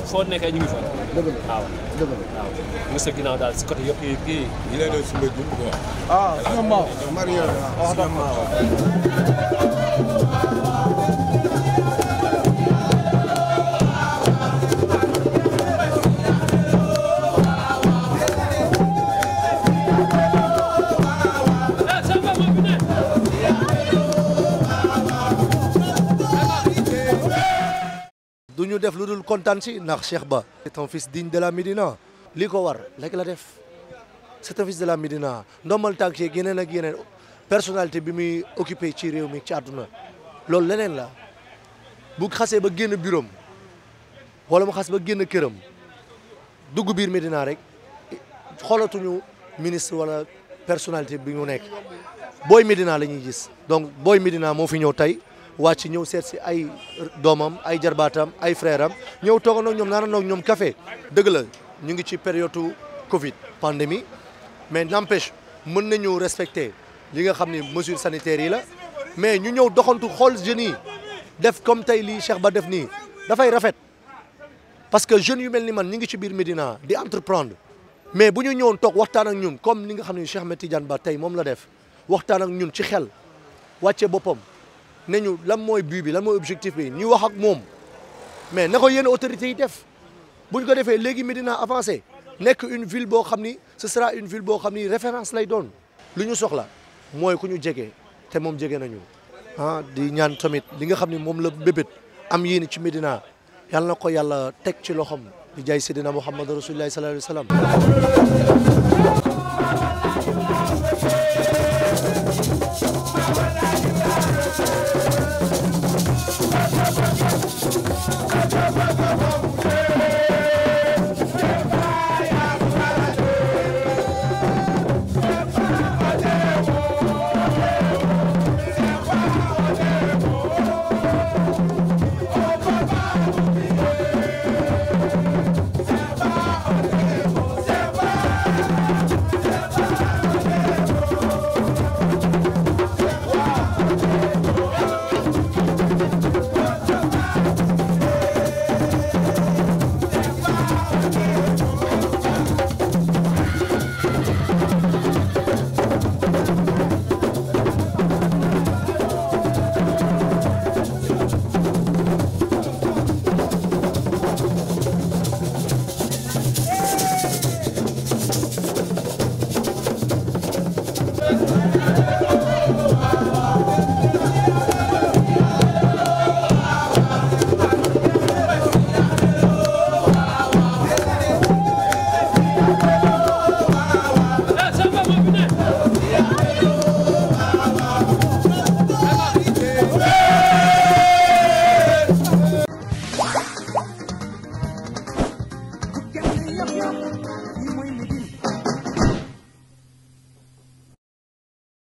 fa foo nekkee ñu ngi fa. dëgg la waaw dëgg la waaw. nga sa ginnaaw daal si côté yëpp kii kii. ñu lay doon suñu mbéy mi quoi. ah sama maaw Mario waaw sama maaw. ñu def lu dul kontaan si ndax Cheikh Ba c'est un fils digne de la Médina li ko war rek la def c'est un de la Médina ndombal tànk yeeg yeneen ak yeneen personnalité bi muy occupé ci réew mi ci àdduna loolu leneen la bu xasee ba génn bureau wala mu xas ba génn këram dugg biir Médina rek xoolatuñu ministre wala personnalité bi mu nekk booy Médina la ñuy gis donc booy Médina moo fi ñëw tey wàcc ñëw seet si ay doomam ay jarbaatam ay frère am ñëw toogandoo ñoom naanandoo ñoom kafe dëgg la ñu ngi ci période Covid pandémie mais n'empêche mën na nañu respecter li nga xam ne mesures sanitaires yi la mais ñu ñëw doxantu xool jeunes yi def comme tey lii Cheikh Ba def nii dafay rafet parce que jeune yu mel ni man ñu ngi ci biir Médina di entreprendre mais bu ñu ñëwoon toog waxtaan ak ñun comme ni nga xam ne Cheikh Ahmed Tidiane Ba tey moom la def waxtaan ak ñun ci xel wàcce boppam. ne ñu lan mooy but bi lan mooy objectif bi ñu wax ak moom mais na ko yenn autorités yi def bu ñu ko defee léegi Médina avancé nekk une ville boo xam ni ce une ville boo xam ni référence lay doon lu ñu soxla mooy ku ñu jege te moom jege nañu ah di ñaan tamit li nga xam ni moom la bébét am yéene ci Médina yàlla na ko yàlla teg ci loxoom di jaay Seydina Muhammad Rasulullah sallallahu alayhi wa sallam Thank you.